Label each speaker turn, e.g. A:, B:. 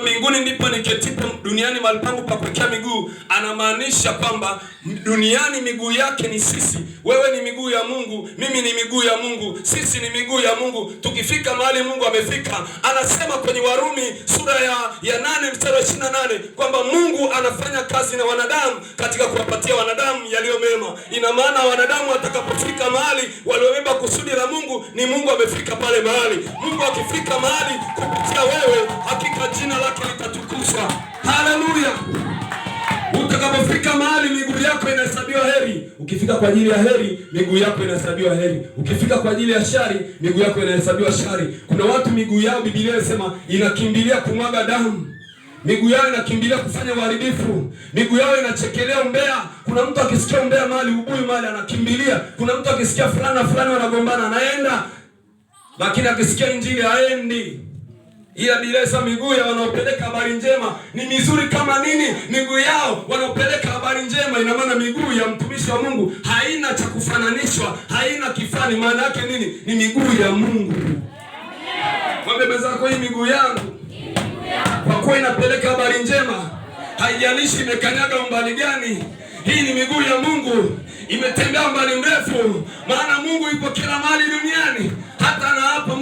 A: mbinguni ndipo niketipo, duniani mahali pangu pa kuwekea miguu. Anamaanisha kwamba duniani miguu yake ni sisi. Wewe ni miguu ya Mungu, mimi ni miguu ya Mungu, sisi ni miguu ya Mungu. Tukifika mahali Mungu amefika, anasema kwenye Warumi sura ya, ya nane mstari wa ishirini na nane kwamba Mungu anafanya kazi na wanadamu katika kuwapatia wanadamu yaliyo mema. Ina maana wanadamu watakapofika mahali waliobeba kusudi la Mungu, ni Mungu amefika pale mahali. Mungu akifika mahali katika wewe, hakika jina lake litatukuzwa. Haleluya! Utakapofika mahali miguu yako inahesabiwa heri, ukifika kwa ajili ya heri, miguu yako inahesabiwa heri, ukifika kwa ajili ya shari, miguu yako inahesabiwa shari. Kuna watu miguu yao Biblia inasema inakimbilia kumwaga damu miguu yao inakimbilia kufanya uharibifu, miguu yao inachekelea umbea. Kuna mtu akisikia umbea mali ubui mali anakimbilia. Kuna mtu akisikia fulani na fulani wanagombana anaenda, lakini akisikia injili haendi ila bilesa miguu ya wanaopeleka habari njema ni mizuri kama nini? Miguu yao wanaopeleka habari njema. Ina maana miguu ya mtumishi wa Mungu haina cha kufananishwa, haina kifani. Maana yake nini? Ni miguu ya Mungu. Mwambie mwenzako, hii miguu yangu, kwa kuwa inapeleka habari njema, haijalishi imekanyaga umbali gani, hii ni miguu ya Mungu, imetembea mbali mrefu. Maana Mungu yuko kila mahali duniani, hata na hapa